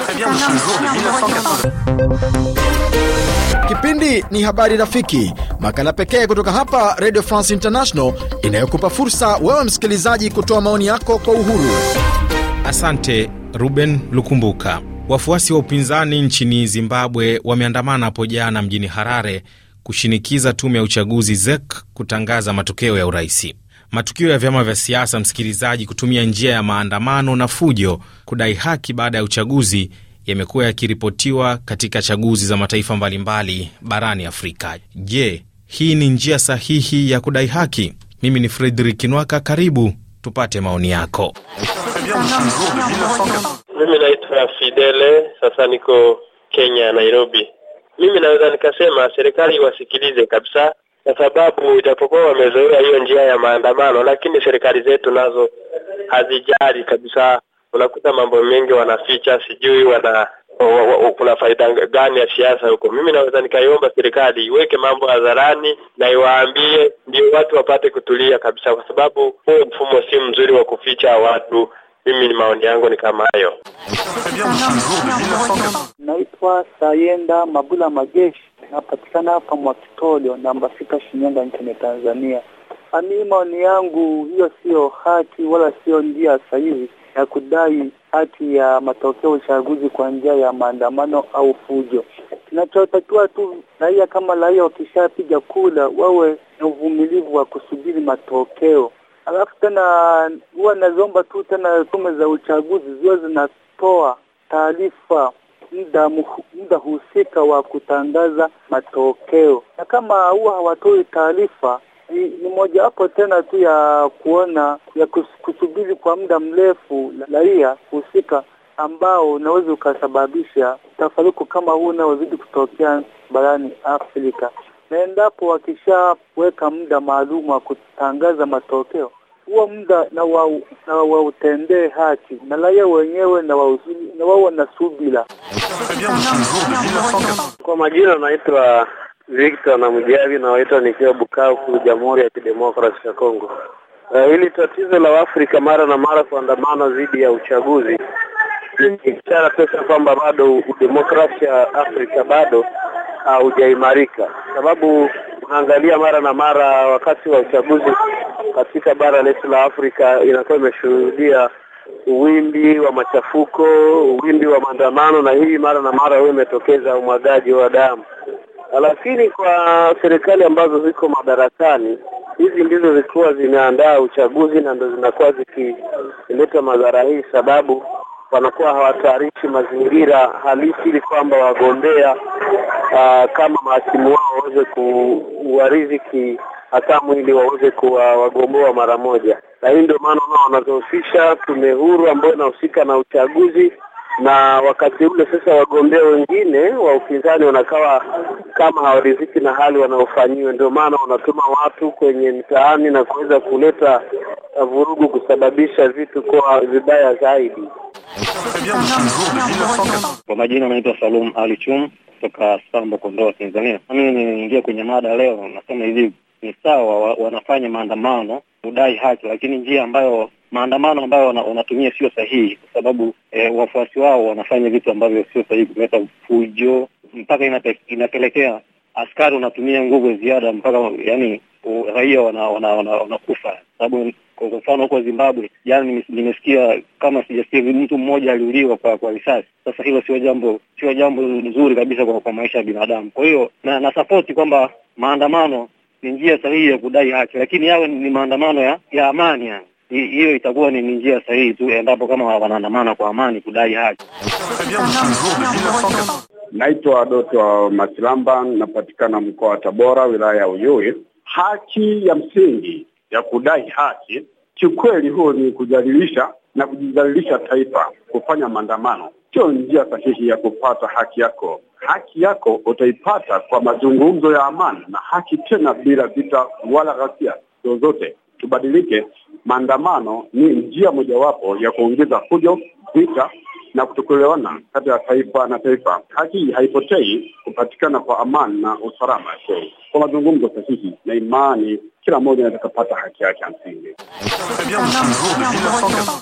Très bien, Kipindi ni Habari Rafiki, makala pekee kutoka hapa Radio France International inayokupa fursa wewe msikilizaji kutoa maoni yako kwa uhuru. Asante Ruben Lukumbuka. Wafuasi wa upinzani nchini Zimbabwe wameandamana hapo jana mjini Harare kushinikiza tume ya uchaguzi ZEK kutangaza matokeo ya uraisi matukio ya vyama vya siasa, msikilizaji, kutumia njia ya maandamano na fujo kudai haki baada ya uchaguzi yamekuwa yakiripotiwa katika chaguzi za mataifa mbalimbali barani Afrika. Je, hii ni njia sahihi ya kudai haki? Mimi ni Fredrik Nwaka, karibu tupate maoni yako. Mimi naitwa Fidele, sasa niko Kenya, Nairobi. Mimi naweza nikasema serikali iwasikilize kabisa kwa sababu ijapokuwa wamezoea hiyo njia ya maandamano, lakini serikali zetu nazo hazijali kabisa. Unakuta mambo mengi wanaficha, sijui wana kuna faida gani ya siasa huko. Mimi naweza nikaiomba serikali iweke mambo hadharani na iwaambie, ndio watu wapate kutulia kabisa, kwa sababu huo mfumo si mzuri wa kuficha watu mimi ni maoni yangu ni kama hayo. Naitwa Sayenda Mabula Majeshi, napatikana hapa Mwakitolio namba sita, Shinyanga nchini Tanzania. Mimi maoni yangu hiyo siyo haki wala siyo njia sahihi ya kudai haki ya matokeo uchaguzi kwa njia ya maandamano au fujo. Kinachotakiwa tu raia kama raia, wakishapiga kula wawe na uvumilivu wa kusubiri matokeo alafu tena huwa naziomba tu tena tume za uchaguzi ziwe zinatoa taarifa muda muda husika wa kutangaza matokeo, na kama huwa hawatoi taarifa ni, ni mojawapo tena tu ya kuona ya kusubiri kwa muda mrefu raia husika ambao unaweza ukasababisha tafaruku kama huu unaozidi kutokea barani Afrika na endapo wakishaweka muda maalum wa kutangaza matokeo huo muda na wautendee wa haki na raia wenyewe na wawe na subira. Kwa majina naitwa Victor na Mjavi waitwa nikiwa Bukavu, Jamhuri ya Kidemokrasi ya Kongo. Eh, hili uh, tatizo la Afrika mara na mara kuandamana dhidi ya uchaguzi ni ishara tosha kwamba bado udemokrasia Afrika bado haujaimarika, sababu unaangalia mara na mara wakati wa uchaguzi katika bara letu la Afrika inakuwa imeshuhudia uwimbi wa machafuko, uwimbi wa maandamano, na hii mara na mara huwa imetokeza umwagaji wa damu. Lakini kwa serikali ambazo ziko madarakani, hizi ndizo zikuwa zinaandaa uchaguzi na ndo zinakuwa zikileta madhara hii, sababu wanakuwa hawatayarishi mazingira halisi ili kwamba wagombea uh, kama mahasimu wao waweze kuwariziki hatamu ili waweze kuwagomboa mara moja, na hii ndio maana nao wanazohusisha tume huru ambayo inahusika na uchaguzi na wakati ule sasa wagombea wengine wa upinzani wanakawa kama hawaridhiki na hali wanaofanyiwa, ndio maana wanatuma watu kwenye mtaani na kuweza kuleta vurugu kusababisha vitu kuwa vibaya zaidi. Kwa majina anaitwa Salum Ali Chum kutoka Sambo, Kondoa, Tanzania. Mimi niliingia kwenye mada leo, nasema hivi ni sawa wa, wanafanya maandamano kudai haki, lakini njia ambayo maandamano ambayo wanatumia sio sahihi, kwa sababu e, wafuasi wao wanafanya vitu ambavyo sio sahihi, kuleta fujo mpaka inape, inapelekea askari unatumia nguvu ziada mpaka yani raia wanakufa wana, wana, wana sababu kwa mfano huko Zimbabwe jana nimesikia kama sijasikia mtu mmoja aliuliwa kwa kwa risasi. Sasa hilo sio jambo sio jambo nzuri kabisa kwa, kwa maisha ya binadamu. Kwa hiyo na nasapoti kwamba maandamano ni njia sahihi ya kudai haki, lakini yawe ni maandamano ya, ya amani. Yani hiyo itakuwa ni njia sahihi tu endapo kama wanaandamana kwa amani kudai haki. Naitwa Doto wa Masilamba, napatikana mkoa wa Tabora, wilaya ya Uyui. Haki ya msingi ya kudai haki Kiukweli huo ni kujadilisha na kujidhalilisha taifa. Kufanya maandamano sio njia sahihi ya kupata haki yako. Haki yako utaipata kwa mazungumzo ya amani na haki, tena bila vita wala ghasia zozote. Tubadilike. Maandamano ni njia mojawapo ya kuongeza fujo, vita na kutokuelewana kati ya taifa na taifa. Haki hii haipotei kupatikana kwa amani na usalama, kwa mazungumzo sahihi na imani kila mmoja anaweza kupata haki yake ya msingi.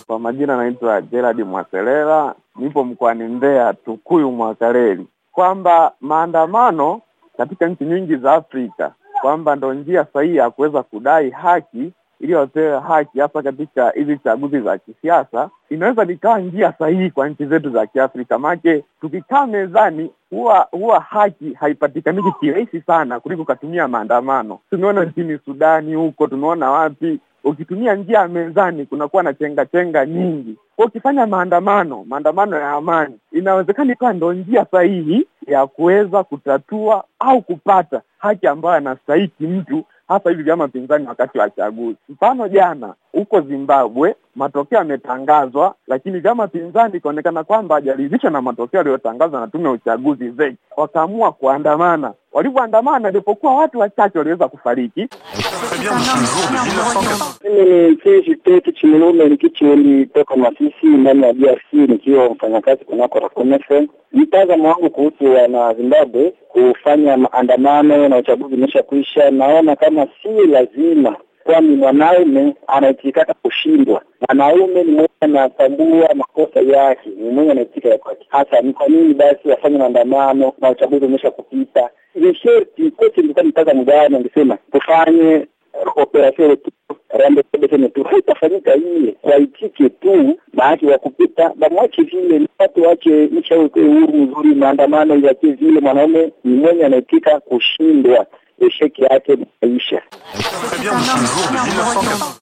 Kwa majina anaitwa Gerard Mwaselela, nipo mkoani Mbeya, Tukuyu Mwakareli, kwamba maandamano katika nchi nyingi za Afrika kwamba ndo njia sahihi ya kuweza kudai haki iliyopewa haki, hasa katika hizi chaguzi za kisiasa. Inaweza nikawa njia sahihi kwa nchi zetu za Kiafrika, make tukikaa mezani huwa huwa haki haipatikaniki kirahisi sana kuliko ukatumia maandamano. Tumeona nchini Sudani huko, tumeona wapi ukitumia njia ya mezani kunakuwa na chenga chenga nyingi. Kwa ukifanya maandamano, maandamano ya amani, inawezekana ikawa ndo njia sahihi ya kuweza kutatua au kupata haki ambayo anastahiki mtu hasa hivi vyama pinzani wakati wa chaguzi. Mfano jana huko Zimbabwe matokeo yametangazwa, lakini vyama pinzani ikaonekana kwamba hajaridhishwa na matokeo yaliyotangazwa na tume ya uchaguzi ZEC, wakaamua kuandamana walivyoandamana ilipokuwa watu wachache waliweza kufariki. Mimi ni Kisi Tete Chimilume Likichi, toka Masisi ndani ya DRC nikiwa mfanyakazi kunako Mtazamo wangu kuhusu wana Zimbabwe kufanya maandamano na uchaguzi umesha kuisha, naona kama si lazima kwani mwanaume anaitikaka kushindwa. Mwanaume ni mwenye anatambua makosa yake, ni mwenye anaitika ya kwake. Hasa ni kwa nini basi wafanye maandamano na uchaguzi umesha kupita? ni sherti kwetu, ilikuwa mtazamo Angesema tufanye operasheni tu tu haitafanyika ile kwa tu maaki wa kupita bamwache vile watu wache nchi au uhuru mzuri, maandamano yake vile mwanaume ni mwenye anaitika kushindwa pesheke yake maisha.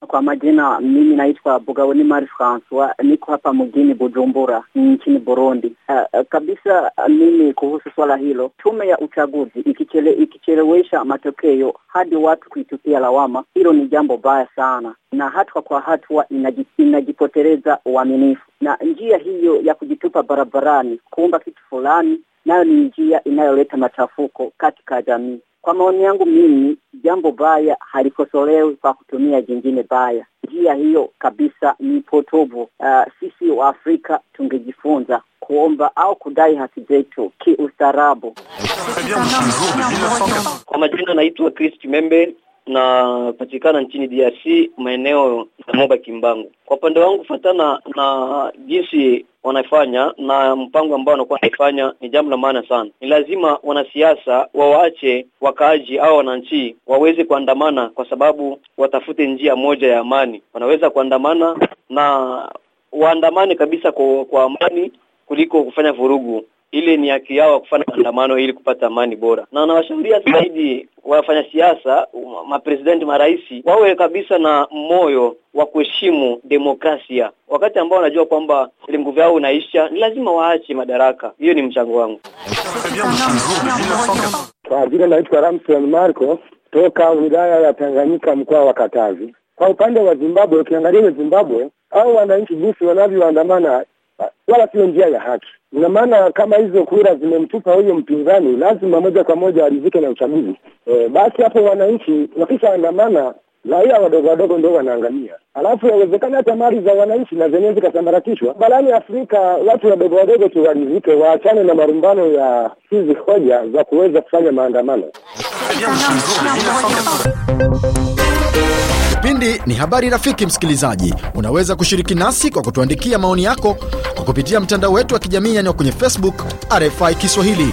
Kwa majina, mimi naitwa Bugaboni Mari Francois, niko hapa mjini Bujumbura nchini Burundi. Uh, kabisa mimi kuhusu swala hilo, tume ya uchaguzi ikichele, ikichelewesha matokeo hadi watu kuitupia lawama, hilo ni jambo baya sana, na hatua kwa hatua inajipoteleza uaminifu, na njia hiyo ya kujitupa barabarani kuomba kitu fulani nayo ni njia inayoleta machafuko katika jamii. Kwa maoni yangu mimi, jambo baya halikosolewi kwa kutumia jingine baya. Njia hiyo kabisa ni potovu. Uh, sisi wa Afrika tungejifunza kuomba au kudai haki zetu kiustaarabu. Kwa majina naitwa Chris Kimembe, napatikana nchini DRC maeneo ya Moba Kimbangu. Kwa upande wangu, kufuatana na jinsi wanafanya na mpango ambao wanakuwa wanaifanya ni jambo la maana sana. Ni lazima wanasiasa wawaache wakaaji au wananchi waweze kuandamana, kwa sababu watafute njia moja ya amani. Wanaweza kuandamana na waandamane kabisa kwa, kwa amani kuliko kufanya vurugu ile ni haki yao ya kufanya maandamano ili kupata amani bora, na nawashauria zaidi wafanya siasa mapresidenti, marais wawe kabisa na moyo wa kuheshimu demokrasia. Wakati ambao wanajua kwamba ile nguvu yao inaisha, ni lazima waache madaraka. Hiyo ni mchango wangu. Kwa jina naitwa Ramson Marco toka wilaya ya Tanganyika, mkoa wa Katavi. Kwa upande wa Zimbabwe, ukiangalia Zimbabwe au wananchi jinsi wanavyoandamana wala sio njia ya haki. Ina maana kama hizo kura zimemtupa huyo mpinzani, lazima moja kwa moja waridhike na uchaguzi e, basi hapo wananchi wakishaandamana raia wadogo wadogo ndio wanaangamia, alafu yawezekana hata mali za wananchi na zenyewe zikasambaratishwa. Barani Afrika watu wadogo wadogo tu waridhike, waachane na marumbano ya hizi hoja za kuweza kufanya maandamano. Kipindi ni habari rafiki. Msikilizaji, unaweza kushiriki nasi kwa kutuandikia maoni yako kwa kupitia mtandao wetu wa kijamii yani kwenye Facebook RFI Kiswahili.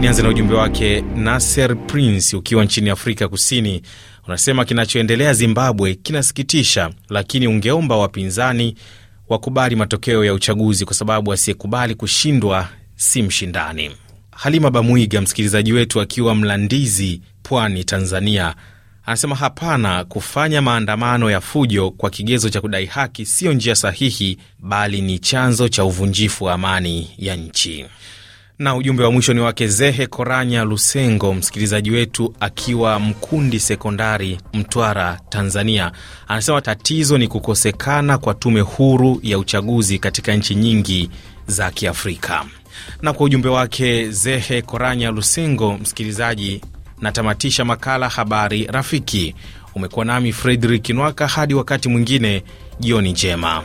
Nianze na ujumbe wake Nasser Prince ukiwa nchini Afrika Kusini, unasema kinachoendelea Zimbabwe kinasikitisha, lakini ungeomba wapinzani wakubali matokeo ya uchaguzi kwa sababu asiyekubali kushindwa si mshindani. Halima Bamwiga, msikilizaji wetu akiwa Mlandizi, Pwani, Tanzania, anasema hapana, kufanya maandamano ya fujo kwa kigezo cha kudai haki siyo njia sahihi, bali ni chanzo cha uvunjifu wa amani ya nchi. Na ujumbe wa mwisho ni wake Zehe Koranya Lusengo, msikilizaji wetu akiwa Mkundi Sekondari, Mtwara, Tanzania, anasema tatizo ni kukosekana kwa tume huru ya uchaguzi katika nchi nyingi za Kiafrika. Na kwa ujumbe wake Zehe Koranya Lusengo, msikilizaji natamatisha makala Habari Rafiki. Umekuwa nami Fredrik Nwaka, hadi wakati mwingine, jioni njema.